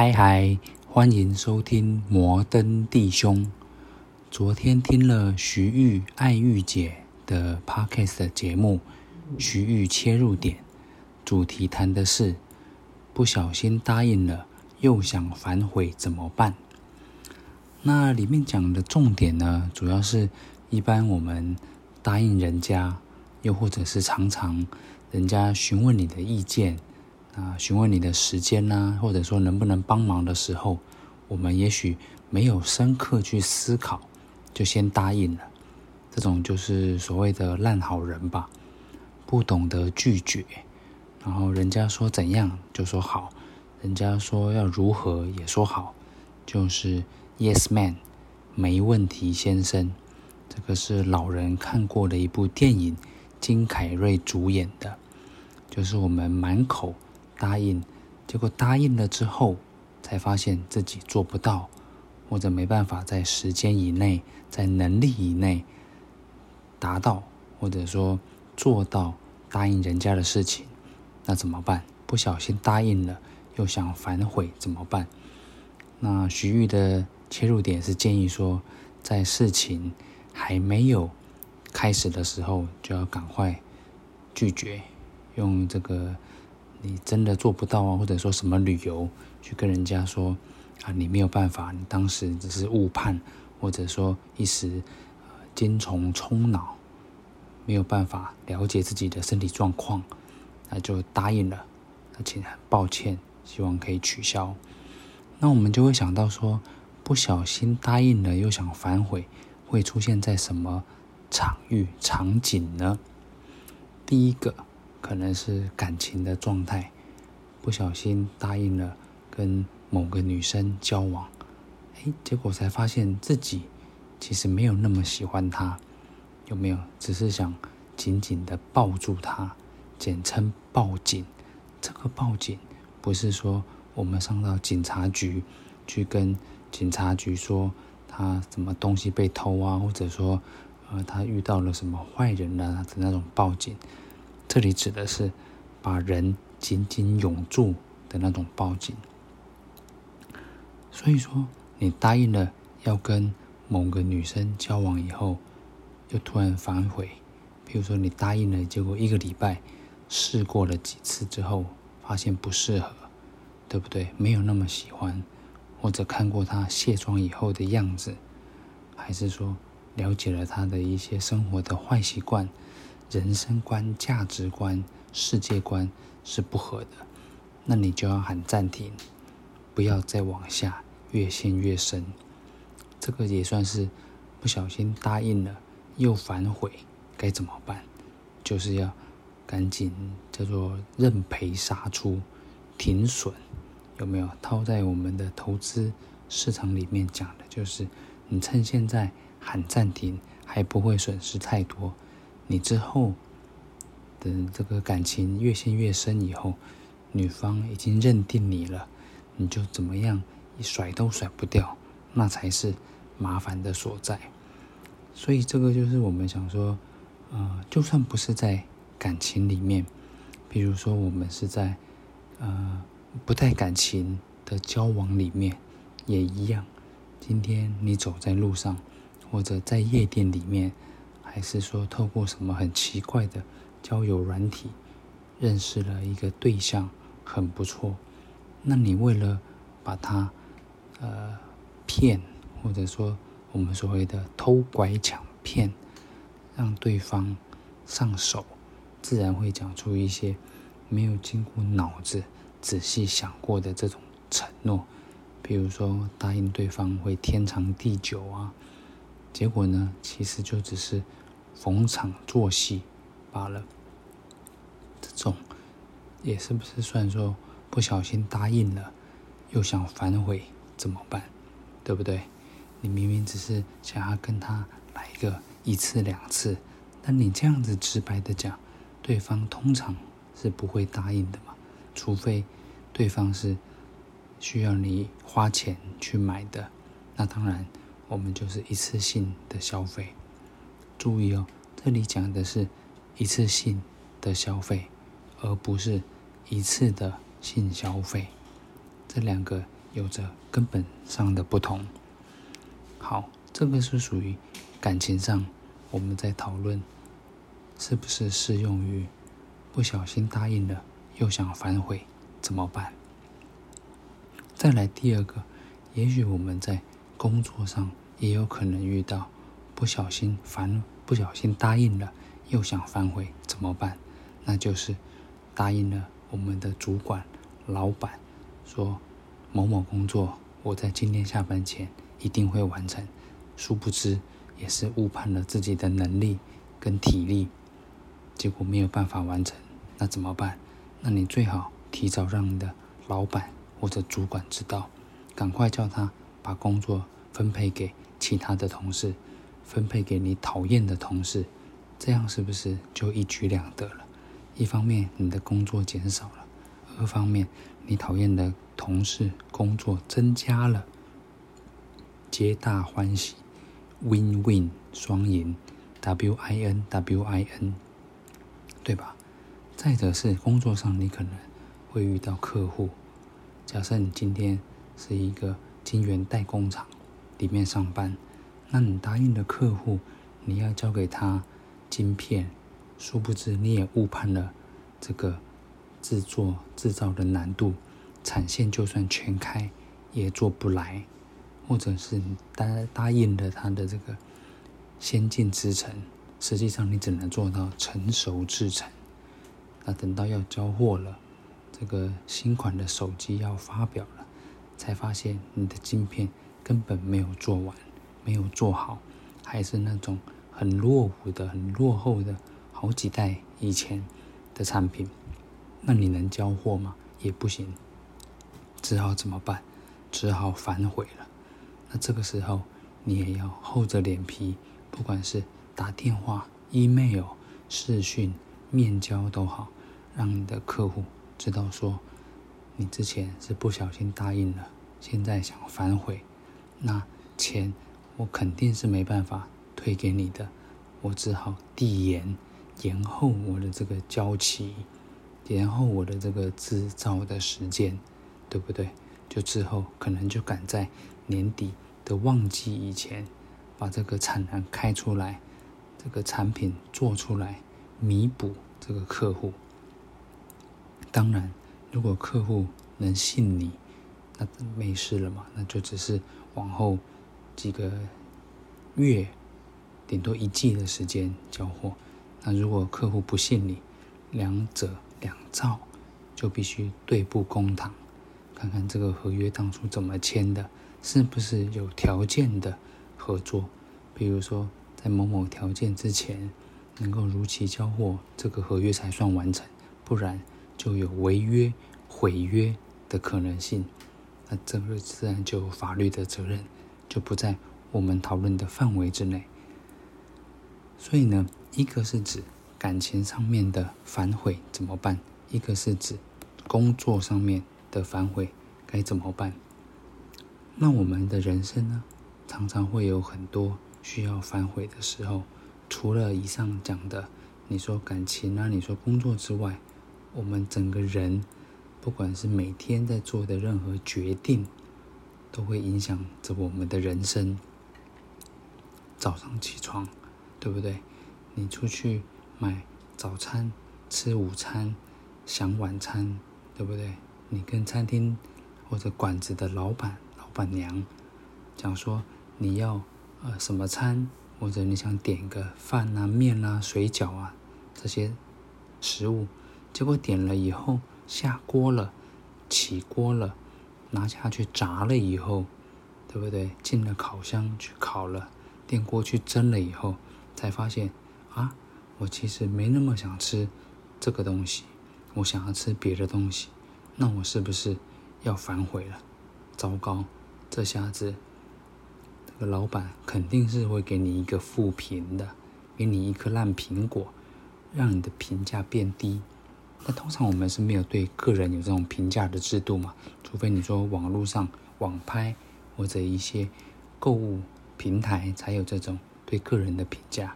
嗨嗨，hi hi, 歡迎收聽摩登弟兄。昨天聽了徐豫愛玉姐的 podcast 節目，徐豫切入點主題談的是不小心答應了又想反悔怎麼辦。那裡面講的重點呢，主要是一般我們答應人家，又或者是常常人家詢問你的意見。那詢問你的時間呢、啊，或者說能不能幫忙的時候，我們也許沒有深刻去思考，就先答應了。這種就是所謂的爛好人吧，不懂得拒絕，然後人家說怎樣就說好，人家說要如何也說好，就是 Yes Man，沒問題先生。這個是老人看過的一部電影，金凱瑞主演的，就是我們滿口。答應，結果答應了之後，才發現自己做不到，或者沒辦法在時間以內、在能力以內達到，或者說做到答應人家的事情，那怎麼辦？不小心答應了，又想反悔怎麼辦？那徐豫的切入點是建議說，在事情還沒有開始的時候，就要趕快拒絕，用這個。你真的做不到啊，或者說什麼理由去跟人家說啊，你沒有辦法，你當時只是誤判，或者說一時，呃，精蟲充腦，沒有辦法了解自己的身體狀況，那就答應了，而且很抱歉，希望可以取消。那我們就會想到說，不小心答應了又想反悔，會出現在什麼場域場景呢？第一個。可能是感情的狀態，不小心答應了跟某個女生交往，哎，結果才發現自己其實沒有那麼喜歡她，有沒有？只是想緊緊地抱住她，簡稱抱緊。這個抱緊不是說我們上到警察局去跟警察局說她什麼東西被偷啊，或者說呃她遇到了什麼壞人啊的那種報警。這裡指的是把人緊緊擁住的那種抱緊。所以說，你答應了要跟某個女生交往以後，又突然反悔，比如說你答應了，結果一個禮拜試過了幾次之後，發現不適合，對不對？沒有那麼喜歡，或者看過她卸妝以後的樣子，還是說了解了她的一些生活的壞習慣。人生觀、價值觀、世界觀是不合的，那你就要喊暫停，不要再往下越陷越深。這個也算是不小心答應了又反悔，該怎麼辦？就是要趕緊叫做認賠殺出，停損，有沒有？套在我們的投資市場裡面講的就是，你趁現在喊暫停，還不會損失太多。你之後的這個感情越陷越深以後，女方已經認定你了，你就怎麼樣，你甩都甩不掉，那才是麻煩的所在。所以這個就是我們想說，呃，就算不是在感情裡面，比如說我們是在呃不帶感情的交往裡面也一樣。今天你走在路上，或者在夜店裡面。還是說，透過什麼很奇怪的交友軟體，認識了一個對象，很不錯。那你為了把他呃騙，或者說我們所謂的偷拐搶騙，讓對方上手，自然會講出一些沒有經過腦子仔細想過的這種承諾，比如說答應對方會天長地久啊。結果呢，其實就只是。逢場作戲罷了，這種也是不是算說不小心答應了，又想反悔怎麼辦？對不對？你明明只是想要跟他來個一次兩次，但你這樣子直白的講，對方通常是不會答應的嘛。除非對方是需要你花錢去買的，那當然我們就是一次性的消費。注意哦，這裡講的是，一次性的消費，而不是一次的性消費，這兩個有着根本上的不同。好，這個是屬於感情上，我們在討論，是不是適用於不小心答應了又想反悔，怎麼辦？再來第二個，也許我們在工作上也有可能遇到。不小心反，不小心答應了，又想反悔怎麼辦？那就是答應了我們的主管、老闆，說某某工作我在今天下班前一定會完成。殊不知也是誤判了自己的能力跟體力，結果沒有辦法完成，那怎麼辦？那你最好提早讓你的老闆或者主管知道，趕快叫他把工作分配給其他的同事。分配給你討厭的同事，這樣是不是就一舉兩得了？一方面你的工作減少了，二方面你討厭的同事工作增加了，皆大歡喜，win win，雙贏，w i n w i n，對吧？再者是工作上你可能會遇到客戶，假設你今天是一個金源代工廠裡面上班。那你答應的客戶，你要交給他晶片，殊不知你也誤判了這個製作製造的難度，產線就算全開也做不來，或者是你答答應了他的這個先進製程，實際上你只能做到成熟製程。那等到要交貨了，這個新款的手機要發表了，才發現你的晶片根本沒有做完。沒有做好，還是那種很落伍的、很落後的好幾代以前的產品，那你能交貨嗎？也不行，只好怎麼辦？只好反悔了。那這個時候，你也要厚着臉皮，不管是打電話、email、視訊、面交都好，讓你的客戶知道說，你之前是不小心答應了，現在想反悔，那錢。我肯定是沒辦法退給你的，我只好遞延、延後我的這個交期，延後我的這個制造的時間，對不對？就之後可能就趕在年底的旺季以前，把這個產能開出來，這個產品做出來，彌補這個客戶。當然，如果客戶能信你，那沒事了嘛，那就只是往後。幾個月，頂多一季的時間交貨。那如果客戶不信你，兩者兩造，就必須對簿公堂，看看這個合約當初怎麼簽的，是不是有條件的合作？比如說，在某某條件之前能夠如期交貨，這個合約才算完成，不然就有違約、毀約的可能性。那這個自然就有法律的責任。就不在我們討論的範圍之內。所以呢，一個是指感情上面的反悔怎麼辦？一個是指工作上面的反悔該怎麼辦？那我們的人生呢，常常會有很多需要反悔的時候。除了以上講的，你說感情啊，那你說工作之外，我們整個人，不管是每天在做的任何決定。都會影響着我們的人生。早上起床，對不對？你出去買早餐、吃午餐、想晚餐，對不對？你跟餐廳或者館子的老板、老板娘講說你要呃什麼餐，或者你想點個飯啊、麵啊、水餃啊這些食物，結果點了以後下鍋了、起鍋了。拿下去炸了以後，對不對？進了烤箱去烤了，電鍋去蒸了以後，才發現啊，我其實沒那麼想吃這個東西，我想要吃別的東西，那我是不是要反悔了？糟糕，這下子這個老闆肯定是會給你一個負評的，給你一顆爛蘋果，讓你的評價變低。那通常我們是沒有對客人有這種評價的制度嘛？除非你說網絡上網拍或者一些購物平台才有這種對客人的評價。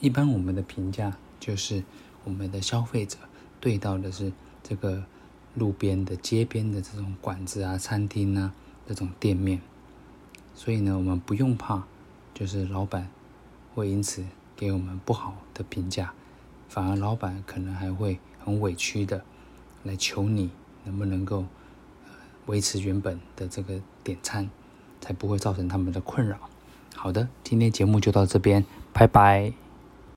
一般我們的評價就是我們的消費者對到的是這個路邊的街邊的這種館子啊、餐廳啊這種店面，所以呢，我們不用怕，就是老闆會因此給我們不好的評價，反而老闆可能還會。很委屈的，來求你能不能夠呃，維持原本的這個點餐，才不會造成他們的困擾。好的，今天節目就到這邊，拜拜。